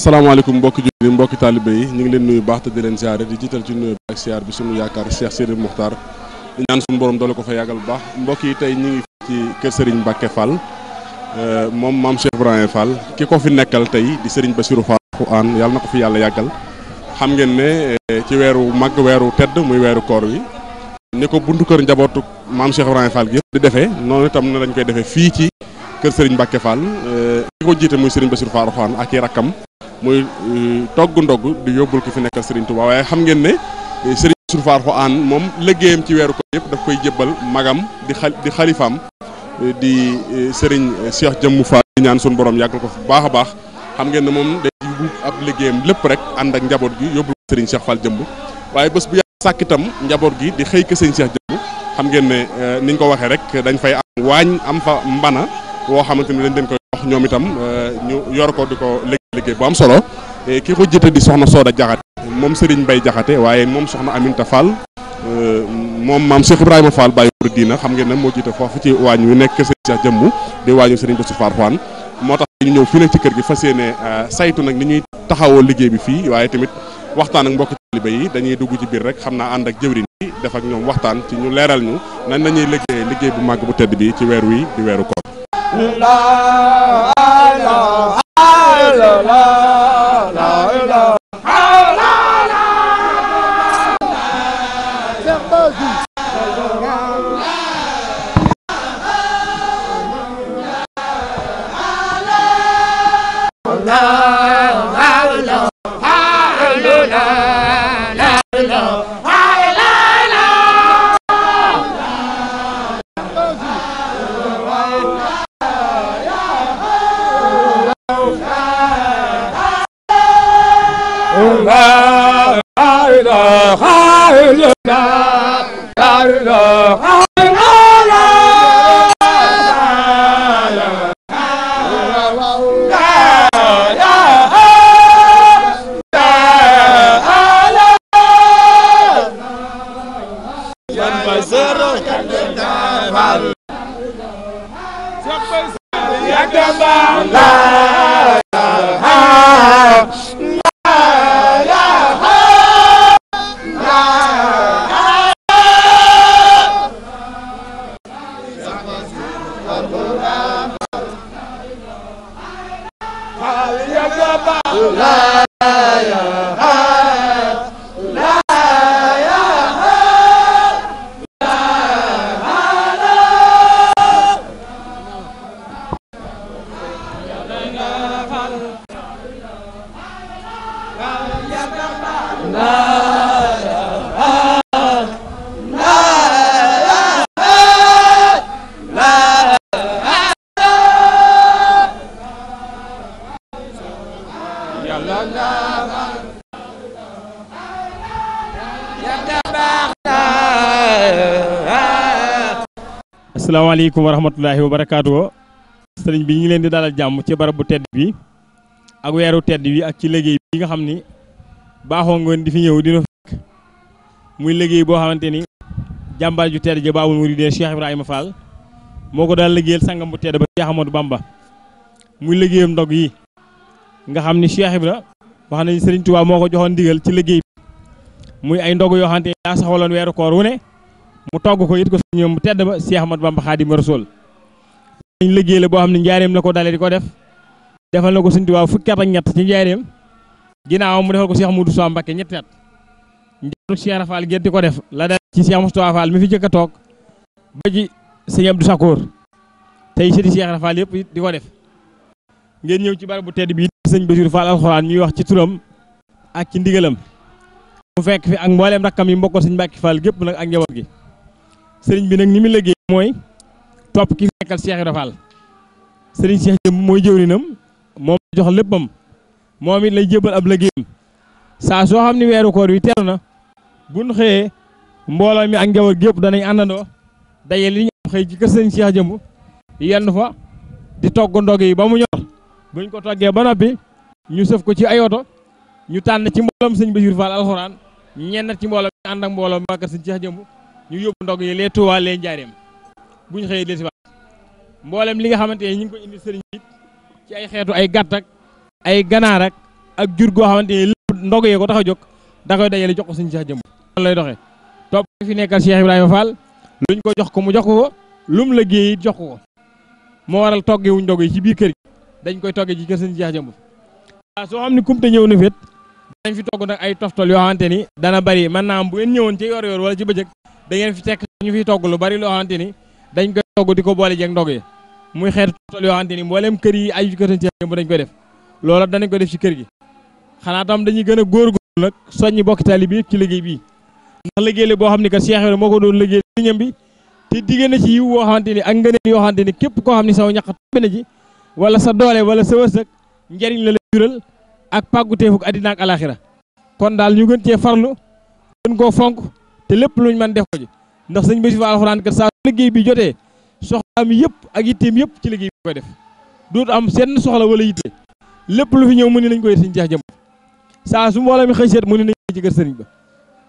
asalaamaaleykum mbokki jullit yi mbokki taalibe yi ñu ngi leen nuyu baax te di leen siyaare di jiital ci nuyu ak siyaar bi sunu yaakaar Cheikh Sidi Mokhtar di ñaan sunu borom doole ko fa yàggal baax mbokk yi tey ñu ngi ci kër Serigne Mbacke Fall Euh, moom maam Cheikh Ibrahima Fall ko fi nekkal tey di Serigne Bassirou Fall Alxuraan yàlla na ko fi yàlla yàggal xam ngeen ne euh, ci weeru mag weeru tedd muy weeru koor wi ni ko buntu kër njabootu maam Cheikh Ibrahima di defee noonu itam ne lañ koy defee fii ci kër Serigne Mbacke Fall euh, ki ko jiite muy Serigne Bassirou Fall Alxuraan ak i rakkam muy togg ndogg di yóbbul ki fi nekkal Serigne Touba waaye xam ngeen ne Serigne Bassirou Fall Alxuraan moom liggéeyam ci weeru ko yëpp daf koy jébbal magam di xalifaam di eh, sering eh, Cheikh Jëmm fa di ñaan sun borom yàggal ko fi baax a baax xam ngeen ne moom day yóbbu ab liggéeyam lépp rek ànd ak njaboot gi yóbbu Serigne Cheikh Fall jëmb waaye bés bu yàlla sakitam itam gi di xëy ka Serigne Cheikh jëmb xam ngeen ne eh, niñ ko rek am am fa mbana woo xamante dañ leen ko wax ñoom itam ñu yor ko di ko liggéey bu am solo ki ko jëte di soxna soda Jaxate mom Serigne Mbaye Jaxate waaye moom soxna Aminta fal moom maam Cheikh Ibrahima Fall Baye Mouride diina xam ngeen ne moo jiite foofu ci waañ wi nekk sëriñ Cheikh jëmm di waañu sëriñ Bassirou Fall Fane moo tax ñu ñëw fii nag ci kër gi fas yéene euh, saytu nag ni ñuy taxawoo liggéey bi fii waaye tamit waxtaan ak mbokki taalibe yi dañuy dugg ci biir rek xam naa ànd ak jëwriñ yi def ak ñoom waxtaan ci ñu leeral ñu nan nañuy liggéey liggéey bu màgg bu tedd bi ci weer wi di weeru ko la la la ọba. assalamualaikum warahmatullahi wabarakatuh serigne bi ñi leen di dalal jamm ci barab bu tedd bi ak wéru tedd bi ak ci liggéey bi nga xamni baaxo ngeen di fi ñew di dina fekk muy liggéey bo xamanteni ni ju tedd je baawul mouride Cheikh Ibrahima Fall moko dal liggéeyal sangam bu tedd ba Cheikh Amadou Bamba muy liggéeyam ndog yi nga xamni Cheikh Ibra wax nañ serigne touba moko joxon digël ci liggéey muy ay ndogu yo xanté ya saxolon wéru koor wu né mu togg ko yit ko ñoom tedd ba Cheikh ahmad Bamba Khadim Rasoul dañ liggéele bo xamni xam lako dalé diko def defal nako señtu wa fukki at ak ñatt ci njaareem ginaaw mu defal ko Cheikh mudou Sow Mbacké ñetti at njaaru Cheikh Rafal gën diko def la dal ci Cheikh Moustapha Fall mi fi jëk tok ba ji sëñ Abdou sakour tay ci Cheikh Rafal yépp diko def ngeen ñew ci barabu tedd bi sëñ Bassirou Fall alcorane ñuy wax ci turam ak ci ndigeelam mu fekk fi ak mbooleem rakkam yi mbokkoo sëñ Mbàkke Fall gépp nag ak njaboot gi sëriñ bi nag ni mu liggéey mooy topp ki fekkal Cheikh Ibra Fall sëriñ Cheikh jëm mooy jëwrinam moom la jox léppam moom it lay jébal ab liggéeyam saa soo xam ne weeru koor wi teeru na buñ xëyee mbooloo mi ak njaboot gépp danañ àndandoo daje li ñu xëy ci kër sëriñ Cheikh jëmb yenn fa di togg ndog yi ba mu ñor buñ ko toggee ba noppi ñu sëf ko ci ay ñu tànn ci mbooloom sëñ Bassirou Fall alxuraan ñenn ci mbooloom ñu ànd ak mbooloom waa kër sëñ Cheikh Jëmb ñu yóbbu ndog yi lee Touba lee Njaareem bu ñu xëyee del si waat mboolem li nga xamante ne ñu ngi ko indi sëriñ bi ci ay xeetu ay gàtt ay ganaarak ak ak jur goo xamante ne lépp ndog yee ko tax a jóg da koy dajale jox ko sëñ Cheikh Jëmb lay doxee topp fi nekka nekkal Cheikh Ibrahima Fall luñ ko jox ko mu jox ko lu lum la géey jox ko ko moo waral togge wuñ ndog yi ci biir kër dañ koy togge ci kër sëñ Cheikh Jëmb soo xam ne kumte ñëw dañ fi togg nag ay toftal yoo xamante ni dana bari man naa am bu ngeen ñëwoon ci yor yor wala ci bëccëg da ngeen fi tekk ñu fiy togg lu bari loo xamante ni dañ koy togg di ko boole jeeg ndog yi muy xeetu toftal yoo xamante ni mbooleem kër yi ay kër ci bu koy def loola danañ ko def ci kër gi xanaa tam dañuy gën a góorgóorlu nag soññi bokki taali bi ci liggéey bi ndax liggéey la boo xam ne que Cheikh Ibra moo ko doon liggéey liñam bi te diggée na ci yiw woo xamante ni ak ngëneen yoo xamante ni képp koo xam ne saw ñaq tabbi wala sa doole wala sa wërsëg njariñ la la jural ak fuk adina ak alakhirah kon dal ñu gën ci farlu gën koo fonk te lepp luñ man def ko ci ndax señ Bassirou Fall alxuraan kat saa liggéey bi jotee soxlaam yépp ak yitteem yépp ci liggéey bi koy def dootu am sen soxla wala yitte lepp lu fi ñew mëni lañ koy señ jax jëm sa su mbooloo mi xëy seet mu nañ ci gër señ ba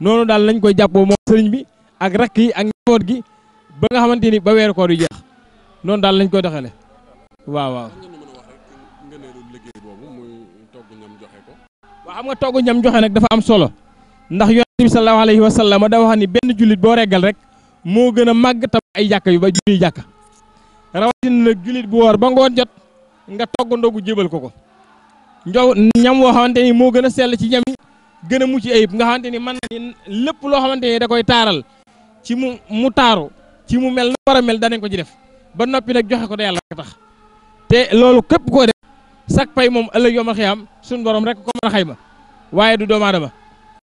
nonu dal lañ koy jappo mo señ bi ak rakki ak njaboot gi ba nga xamanteni ba wër ko du jeex non dal lañ koy doxale waaw waaw xam nga togg ñam joxe nag dafa am solo ndax yonent bi sallallahu alayhi wa sallam da wax ni benn jullit boo reggal rek moo gën a màgg tam ay jàkka yu ba junniy jàkka rawatina nag jullit bu woor ba ngoon jot nga togg ndogu jébal ko ko njow ñam woo xamante ni moo gën a seel ci ñam gën a mucc ayib nga xamante ni man na lépp loo xamante ni da koy taaral ci mu mu taaru ci mu mel na war a mel danañ ko ci def ba noppi nag joxe ko da yàlla tax te loolu képp ko sak pay moom ëllëg yoom a xiyaam suñ borom rek ko mën a xayma waaye du doomu aadama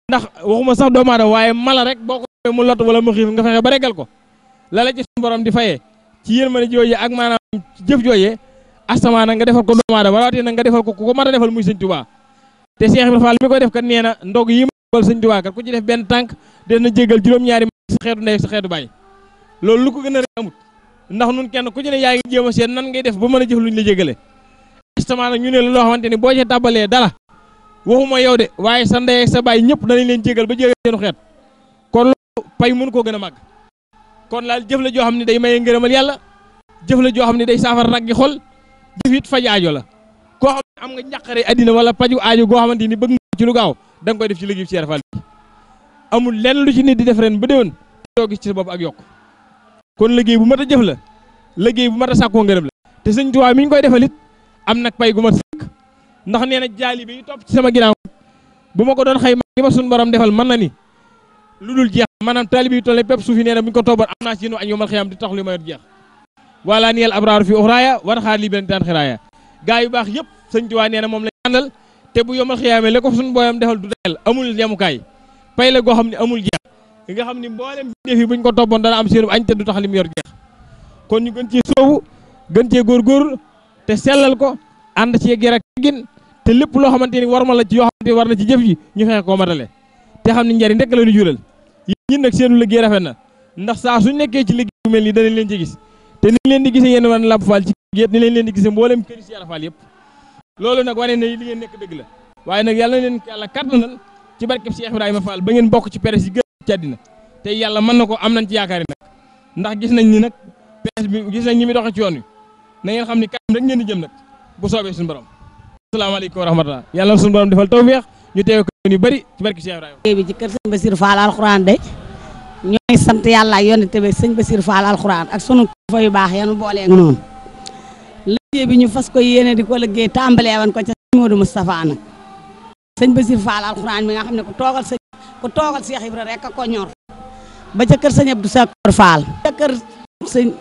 ndax waxuma sax doomu aadama waaye mala rek boo ko mu lot wala mu xiif nga fexe ba regal ko la la ci suñ borom di fayee ci yërmande jooje ak maanaam jëf jooje asamaana nga defal ko doomu aadama na nga defal ko ku ko mën a defal muy sëñ Tuubaa te Cheikh Ibrahima Fall mi koy def kat nee na ndog yi bal sëñ Tuubaa kat ku ci def benn tànk dina jégal juróom-ñaari sa xeetu ndey sa xeetu bàyyi lu ko gën a rek amut ndax nun kenn ku ci ne yaa ngi jéem nan ngay def ba mën a jëf luñ la jégale justement ñu ne lo xamanteni bo ci tabale dara waxuma yow de waye sa ndey ak sa bay ñep dañ leen jéggal ba jéggal seenu xet kon lo pay mu ko gëna mag kon laal jëf la jo xamni day maye ngërëmal yalla jëf la jo xamni day raggi xol jëf it fajaajo la ko xamni am nga ñakare adina wala paju aaju go xamanteni bëgg nga ci lu gaaw dang koy def ci liggéey Cheikh Fall amul lenn lu ci nit di def ren bu deewon togi ci bop ak yok kon liggéey bu mata jëf la bu mata sakko sàkkoo la te seigne touba mi koy defalit am nag pay gu ma sëkk ndax nee na jaali bi topp ci sama ginnaaw bu ma ko doon xayma li ma suñu borom defal mën na ni lu dul jeex maanaam taalibi yu tolle pépp suuf yi nee na bu ñu ko tooboon am naa ci yéen añ yomal xiyam di tax lu ma yor jeex wala niyel abraar fi uxraaya daan xiraaya gaa yu baax yëpp sëñ Tuubaa na moom lañ te bu yomal xiyaamee la ko suñu booyam defal du dayal amul yemukaay pay la goo xam ne amul jeex nga xam ne mboolem def buñ ko toppoon dana am seen añ te du tax li yor jeex kon ñu gën cee soobu gën góor góor te sellal ko ànd ci yegg ak teggin te lépp loo xamante ni war ma la ci yoo xamante war na ci jëf ji ñu fexe koo matale te xam ni njariñ rek la ñu jural yéen nag seenu liggéey rafet na ndax saa su nekkee ci liggéey bu mel nii danañ leen ci gis te ni leen di gisee yéen wan Lamp Fall ci géet ni leen leen di gisee mboolem këri si Yàlla Fall yëpp loolu nag wane ne li ngeen nekk dëgg la waaye nag yàlla na leen yàlla kattanal ci barkeb Cheikh ba ngeen bokk ci presse yi gën ci àddina te yàlla na ko am nañ ci yaakaar yi ndax gis nañ ni nag bi gis nañ ñi mi ci yoon wi na ngeen xamni kam rek ngeen di jëm nak bu soobé suñu borom assalamu alaykum wa rahmatullah yalla suñu borom defal tawfiq ñu téw ko ñu bari ci barki Cheikh ibrahim bi ci kër seigne Basir Fall alxuraan de ñoy sant yalla yoni yonent seigne Basir Fall alxuraan ak suñu kilifa yu baax yanu boolee ak noonu liggé bi ñu fas ko yéene di ko liggéey tàmbalee woon ko ci Modou Moustapha nag seigne Basir Fall alxuraan mi nga xam ko togal seigne ko togal Cheikh ibrahim rek ko ñor ba ca kër seigne Abdou Sakor Fall ca kër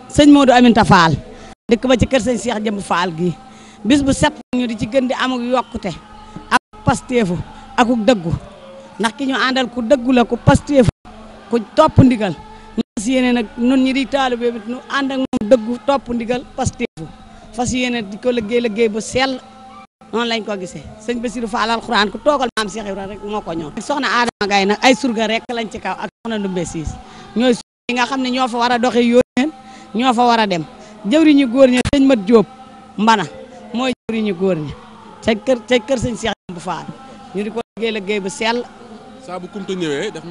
seigne Modou Aminta Fall dekk ba ci kër sëñ Cheikh Faal gi bis bu set ñu di ci gën di amuk yokkute ak ak ak deggu nak ki ñu andal ku deggu la ku pastefu ku top ndigal fas yéene nag ñi di taalibe bi nu and ak mom deggu top ndigal pastefu fas yéene di ko liggéey liggéey bu sel non lañ ko gisee sëñ Bassirou Fall alquran ku togal maam Cheikh Ibrahima rek moko ñoo na soxna adam Gaye nak ay surga rek lañ ci kaw ak soxna Ndumbe sis ñoy nga fa wara doxé yoonen fa wara dem jëwriñu góor ñi sëñ Mat Jóob mbana mooy jëwriñu góor ñi ca kër ca kër sëñ Seex bu Faal ñu di ko liggéey liggéey bu sell saa bu kumte ñëwee daf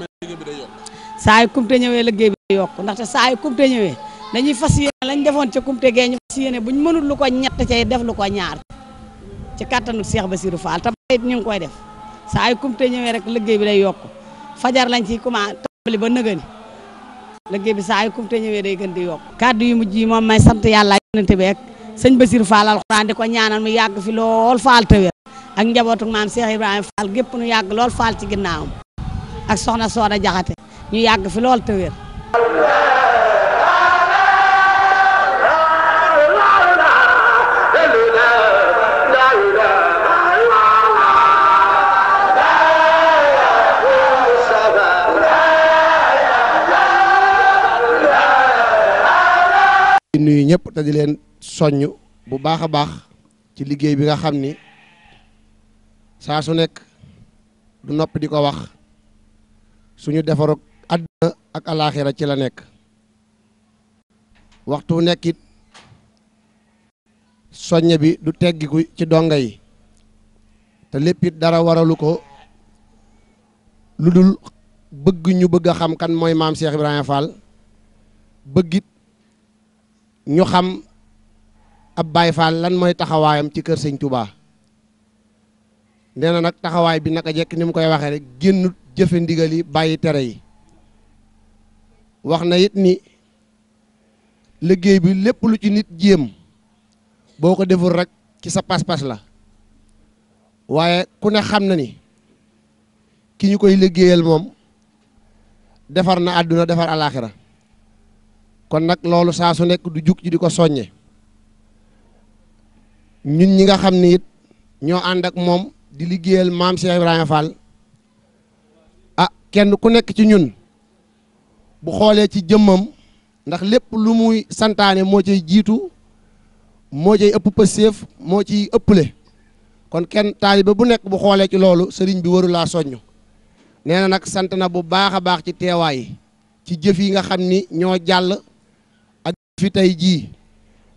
saa yu kumte ñëwee liggéey bi day yokk ndaxte saa yu kumte ñëwee dañuy fas yéene lañ defoon ca kumte gee ñu fas yéene buñ mënul lu ko ñett cay def lu ko ñaar ci kàttanu Seex Basiru Faal tam it ñu ngi koy def saa yu kumte ñëwee rek liggéey bi day yokk fajar lañ ci commencé tàmbali ba nëgëni liggéey bi saa yu kumte ñëwee day gën di yokk kàddu yu mujj yi moom may sant yàlla yonente bi ak sëñ Basir Fall alxuraan di ko ñaanal mu yàgg fi lool Fall tëwér ak njabootu maam Cheikh Ibrahima Fall gépp nu yàgg lool Fall ci ginnaawam ak soxna Sooda Jaxate ñu yàgg fi lool tëwér di nuyu ñëpp ta di leen soñu bu baaxa baax ci liggey bi nga xamni sa su nek du noppi diko wax suñu defarug adda ak alakhirah ci la nek waxtu nekit soñe bi du ku ci dongay yi te lépp it dara waralu ko lu bëgg ñu bëgg xam kan moy maam Cheikh ibrahim Fall bëggit ñu xam ab baye fall lan moy taxawayam ci kër sëñ Touba neena nak taxaway bi naka jek nim terai, koy waxe rek gennu ndigal yi baye tere yi waxna na ni liggéey bi lepp lu ci nit jéem boko deful rek ci sa pas-pas la waye ku ne xam na ni ki ñukoy liggéeyal defar na aduna defar alakhirah kon nak lolu saa su nekk du juk ji diko ko ñun ñi nga xamni it ño and ak mom di liggéeyal mam Cheikh ibrahim Fall ah kenn ku nek ci ñun bu xolé ci jëmmam ndax lepp lu muy santane mo ciy jitu mo ciy ëpp pëseef mo ci ëpple kon kenn talibé bu nek bu xolé ci lolu sëriñ bi warulaa la soñu na nak santana bu baaxa baax ci téwaay ci jëf yi nga xamni ño jall fi tay ji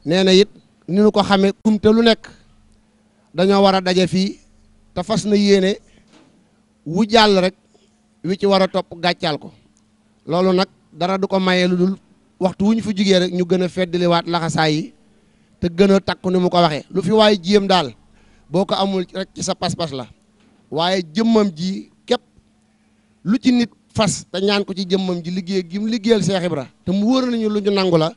neena na ni ñu ko kumte lu nek dañoo wara a daje ta fas na yéene wu jall rek wi ci wara top gatchal ko lolu nak dara du ko mayee lu dul waxtu wuñ fu fi rek ñu gëna fédeli waat laxasaay yi te gëna takku ni mu ko lu fi way jiem dal boko amul rek ci sa pas-pas la waye jëmmam ji kep lu ci nit fas te ñaan ko ci jëmmam ji liggéey gi mu liggéeyal cheikh Ibra te mu wër nañu lu ñu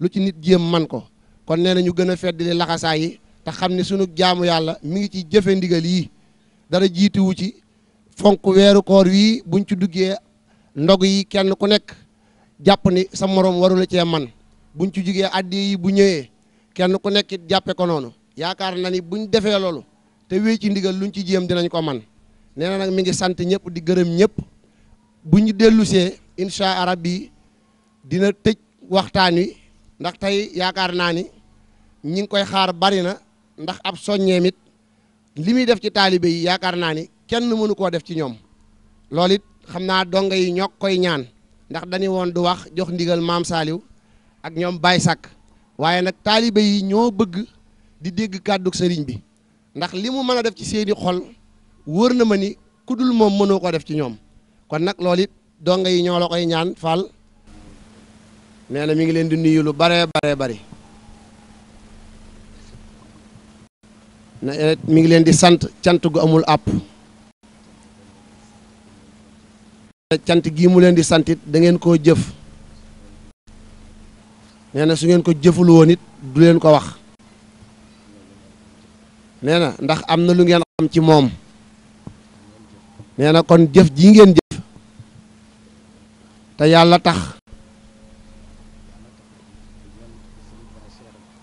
lu ci nit jéem man ko kon neena ñu gëna fedd di laxasa yi ta xamni suñu sunu jaamu yalla mi ngi ci jëfe ndigal yi dara wu ci fonk wëru koor wi buñ ci duggé ndog yi kenn ku nekk japp ni sa morom la ci man buñ ci jugee addi yi bu ñëwé kenn ku nekk jappé ko nonu yaakar na ni buñ défé lolu te wé ci ndigal luñ ci jëm dinañ ko man neena nak mi ngi sant ñëpp di gëreem ñëpp bu insha allah rabbi dina tejj waxtaan wi ndax tey yaakaar naa ni ñi ngi koy xaar bari na ndax ab soññeem it li muy def ci taalibe yi yaakaar naa ni kenn mënu koo def ci ñoom loolu it xam naa donga yi ñoo koy ñaan ndax dañu woon du wax jox ndigal maam saaliw ak ñoom Baay Sàkk waaye nag taalibe yi ñoo bëgg di dégg kàddug sëriñ bi ndax li mu mën a def ci seeni xol wóor na ma ni ku dul moom mënoo koo def ci ñoom kon nag loolu it donga yi ñoo koy ñaan Fall neena na mi ngi len di nuyu lu bare bare bari eh, mi ngi len di sant cant gu amul app eh, cant gi mu len di santit da ngeen ko jëf neena na su ngeen ko jëful woon it du len ko wax neena ndax am lu ngeen xam ci mom neena kon jëf ji ngeen jëf ta yalla tax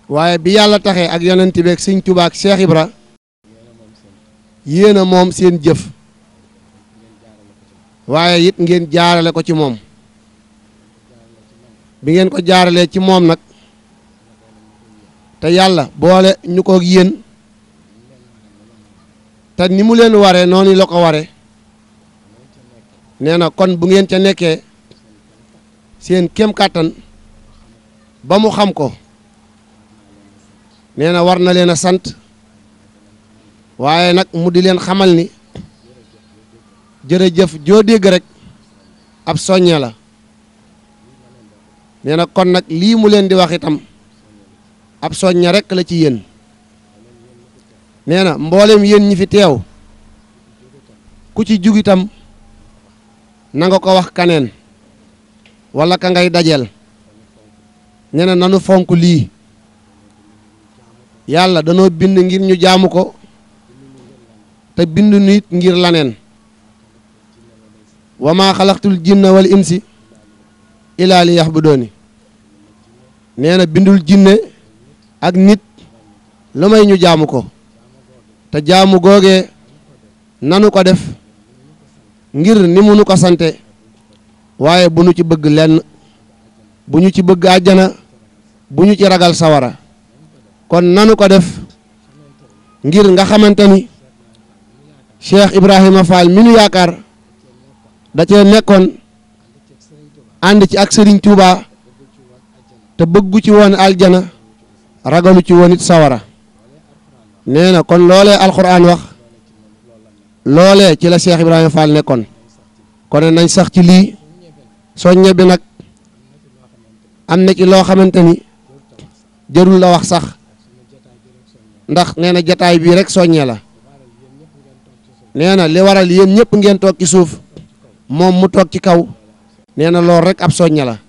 waaye bi yàlla taxee ak yonent bi ak sëñ Tuubaa ak Cheikh Ibra yéen a moom seen jëf waaye it ngeen jaarale ko ci moom bi ngeen ko jaaralee ci moom nag te yàlla boole ñu ko yéen te ni mu leen ware noonu la ko ware nee na kon bu ngeen ca nekkee seen kem kàttan ba mu xam ko Niana warna lena sant waaye nag mu di len xamal ni jef joo dégg rek ab soñe la nee kon nak li mu len di wax itam ab soñe rek la ci yeen nee na yeen ñi fi tew ku ci jug itam na nga ko wax kanen wala ka ngay dajel nanu fonku li yàlla danoo bind ngir ñu jaamu ko te bind nit ngir laneen wa maa xalaqtul jinna wal insi ilaa li yaxbudooni nee na bindul jinne ak nit lu may ñu jaamu ko te jaamu googee nanu ko def ngir ni mu ko sante waaye bu nu ci bëgg lenn bu ñu ci bëgg àjjana bu ñu ci ragal sawara kon nanu ko def ngir nga xamanteni ni Cheikh Ibrahima Fall minu yakar da ci nekkon and ci ak Serigne Touba te beggu ci won aljana ragalu ci wonit sawara neena kon lolé alquran wax lolé ci la Cheikh Ibrahima Fall nekkon kon nañ sax ci li soññe bi nak amna ci lo xamanteni ni jërul la wax sax ndax neena jotaay bi rek soñe la neena li waral yeen ñepp ngeen tok ci suuf mom mu tok ci kaw neena lool rek ab soñe la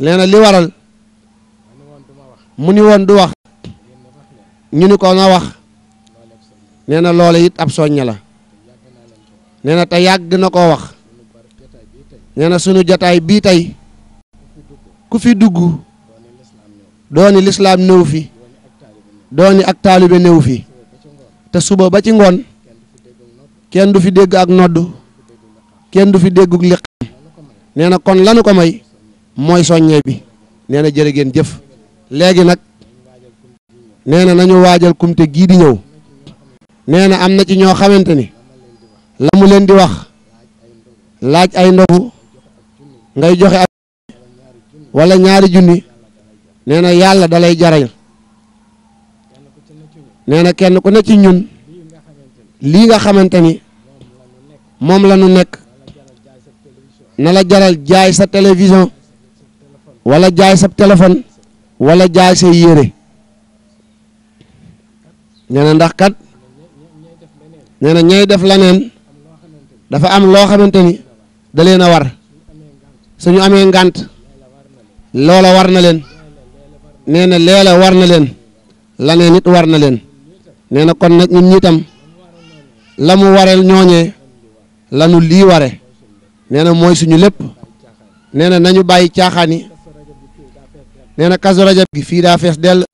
neena li waral mu ni won du wax ñu ni ko na wax neena lool ab soñe la neena ta yag na ko wax neena suñu sunu jatai tay Kufidugu. ku fi dugg dooni l'islam dooni ak taalu taalibe néew fi te suba ba ci ngoon kenn du fi dégg ak nodd kenn du fi dégguk liqam nee na kon lanu ko may mooy soññee bi nee na jërë ngeen jëf léegi nag nee na nañu waajal kumte gii di ñëw nee na am na ci ñoo xamante ni la mu leen di wax laaj ay ndogu ngay joxe ab wala ñaari junni nee na yàlla dalay jaral nee na kenn ku ne ci ñun lii nga xamante ni moom la ñu nekk na la jaral jaay sa télévision wala jaay sa téléphone wala jaay say yére nee ndax kat nee na ñay def leneen dafa am loo xamante ni da leen a war suñu amee ngànt loola war na leen nee leela war na leen laneen it war na leen nee na kon nag ñun ñitam la mu wareel ñooñee lanu lii ware nee na mooy suñu lépp nee na nañu bàyyi caaxaan yi nee na rajab gi fii daa fees dell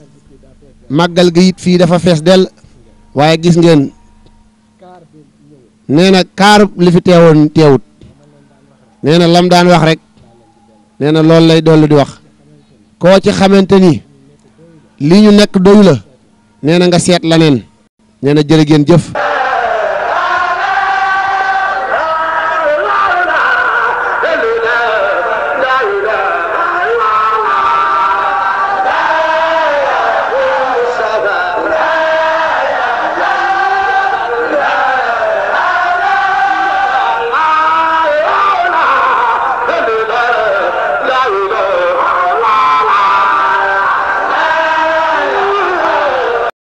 màggal gi it fii dafa fees dell waaye gis ngeen nee na kaar li fi teewoon teewut nee na lam daan wax rek nee na loolu lay dollu di wax koo ci xamante ni li ñu nekk doyu la nee na nga seet laneen nee na jërë ngeen jëf